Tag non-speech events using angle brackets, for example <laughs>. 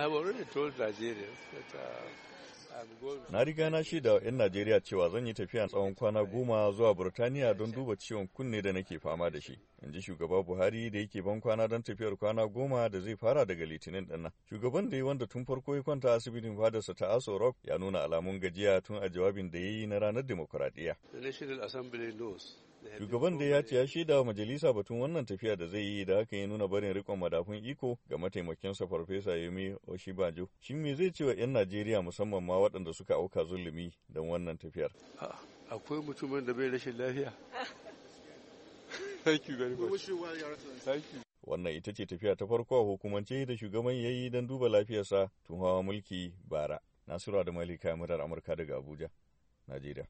Ah, uh, na riga na shaida da 'yan Najeriya cewa zan yi tafiya tsawon kwana goma zuwa Burtaniya don duba ciwon kunne da nake fama da shi. In ji shugaba Buhari da yake ban kwana don tafiyar kwana goma da zai fara daga Litinin ɗin Shugaban da ya wanda tun farko ya kwanta asibitin fadarsa ta Aso Rock ya nuna alamun gajiya tun a jawabin da ya yi na ranar dimokuraɗiyya. The National Assembly knows Shugaban da ya ce ya shaida wa majalisa batun wannan tafiya da zai yi da haka ya nuna barin rikon madafun iko ga mataimakinsa Farfesa Yemi Oshibajo. Shi me zai ce wa 'yan Najeriya musamman ma waɗanda suka auka zulumi don wannan tafiyar? Akwai mutumin da bai rashin lafiya. <laughs> Thank you very much. Thank you. Wannan ita ce tafiya ta farko a hukumance da shugaban ya yi don duba lafiyarsa tun hawa mulki bara. Nasiru da Malika Murar Amurka daga Abuja, Najeriya.